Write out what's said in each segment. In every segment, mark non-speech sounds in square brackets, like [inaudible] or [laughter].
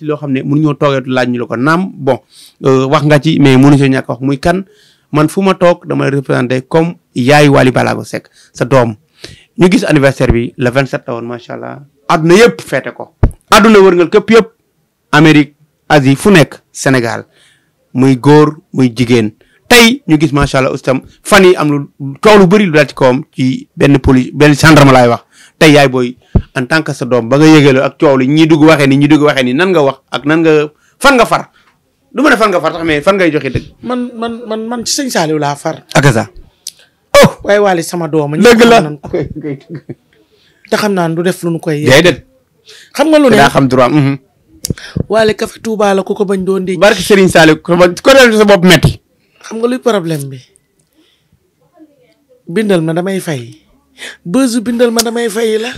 loo xam ne mu mënuñoo toogeetu laaj ñu la ko naam bo euh, wax nga ci mais mënu si ñàkk wax muy kan man fu ma toog dama représenté comme yaay Wally Ballago Seck sa doom ñu gis anniversaire bi le 27 la woon macha allah àdduna yëpp feete ko àdduna wërngal képp yëpp Amérique Asie fu nekk Sénégal muy góor muy jigéen tey ñu gis macha allah ustam fan yi am lu coow lu bëri lu daal ci ci benn police benn gendarme laay wax tey yaay booy en tant que sa doom ba nga yëgale ak coow li ñi dugg waxee ni ñi dugg waxee ni nan nga wax ak nan nga fan nga far du ma ne fan nga far sax mais fan ngay joxe dëgg. man man man man ci sëñ Saliou far. ak sa oh waaye waali sama doom. dëgg la [laughs] te xam naa du def lu nu koy. déedéet xam nga lu ne daa xam droit mhm. waale kafe Touba la ku ko bañ doon di. barke Serigne Saliou ko def sa bopp metti xam nga luy problème bi bindal ma damay fay. bësu bindal ma damay fay la.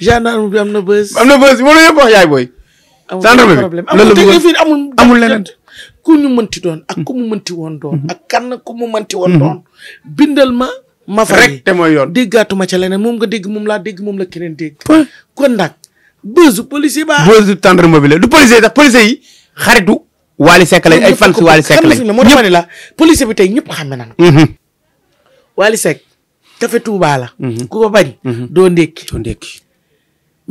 gendarme am na bës. am na bës mënu yëpp wax yaay booy. amul problème amul technique amul amul leneen ku ñu mënti doon ak ku mu mënti woon doon. Mhm. ak kan ku mu mënti woon doon. Mhm. bindal ma. ma fa rek te mooy yoon déggaatuma leneen moom nga dégg moom laa dégg moom la keneen dégg. kon nag bësu policier ba. bësu gendarme bi la du policier sax policier yi xaritu. Wally Seck lañ ay fan si Wally Seck lañ. la policier ñëpp xame nañu. Mhm. Wally Seck. Café Touba la. ku ko bañ. doo ndékki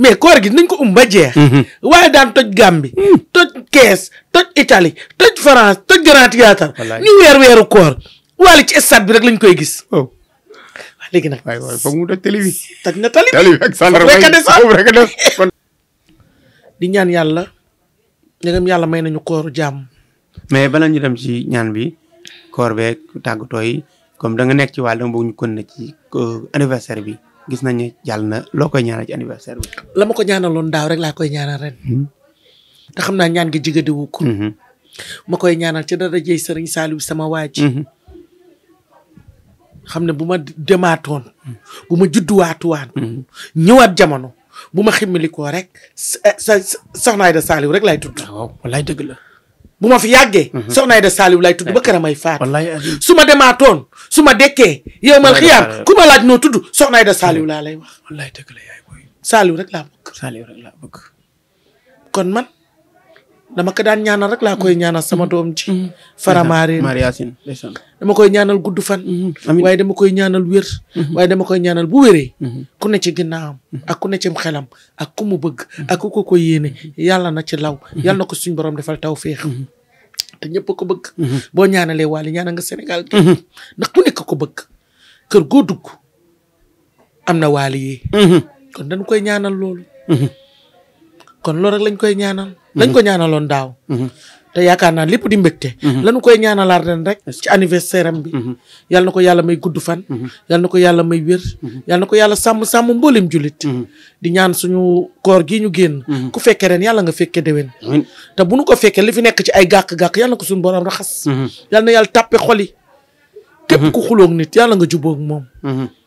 mais koor gi nañ ko um ba jeex. Mhm. waaye daan toj Gambie. Hmm. toj kees toj Italie toj France toj Grand Théâtre ñu weer weeru koor waale ci stade bi rek lañ koy gis. Oh. waaw léegi nag. waay waay foog mu toj tali bi. toj ah. di ñaan yàlla ndegam yàlla may nañu kooru jàmm. mais bala ñu dem ci ñaan bi koor bee tàggatoo yi comme da nga nekk ci wàll dama bëgg ñu kon na ci euh, anniversaire bi. gis nañ ne jàll na loo koy ñaanal ci anniversaire bi. la ma ko ñaanaloon daaw rek laa koy ñaanal hmm. te xam naa ñaan gi jigadiwu ko. Hmm. ma koy ñaanal ci dara jëy sëriñ Saliou sama waa hmm. xam ne bu ma demaatoon. bu ma judduwaatuwaan. ñëwaat jamono bu ma ximmilikoo rek. sa sa soxnaay da Saliou rek lay tudd. Ah, wallaay dëgg la. bu ma fi yàggee. Mhm. soxna Aida Saliou lay tudd ba këram ay faat. su ma demaatoon su ma dekkee. yow man xiyaam ku ma laaj noo tudd soxna Aida Saliou mhm. laa lay wax. wallaay la yaay booy. Saliou rek laa bëgg. Saliou rek laa bëgg. kon man. dama ko daan ñaanal rek laa koy ñaanal sama doom ci faramaareen mariasin dama koy ñaanal gudd fan mm-hmm. waaye dama koy ñaanal wér mm-hmm. waaye dama koy ñaanal bu wéree mm-hmm. ku ne ci ginnaawam ak ku ne ci xelam mu bëgg ak ko ko yéene yàlla na ci law yàlla na ko suñ borom taw tawféex te ñëpp ko bëgg boo ñaanalee waale ñaanal nga Sénégal gi ndax ku nekk ko bëgg kër goo dugg am na waale yi kon dañ koy ñaanal loolu kon loolu rek lañ koy ñaanal lañ ko ñaanaloon daaw mhm. te yaakaar naa lépp di mbégte mhm. lañu koy ñaanalaat ren rek ci anniversaire am bi mhm. yal na ko yàlla may gudd fan yal na ko yàlla may wér yal na ko yàlla sàmm-sàmm mboolem jullit di ñaan suñu koor gi ñu génn ku fekke ren yàlla nga fekke déwén te bu nu ko fekkee li fi nekk ci ay gàkk-gàkk yàlla na ko suñu borom raxas yal na yàlla tàppe xoli yi képp ku xuloog nit yàlla nga jubóog moom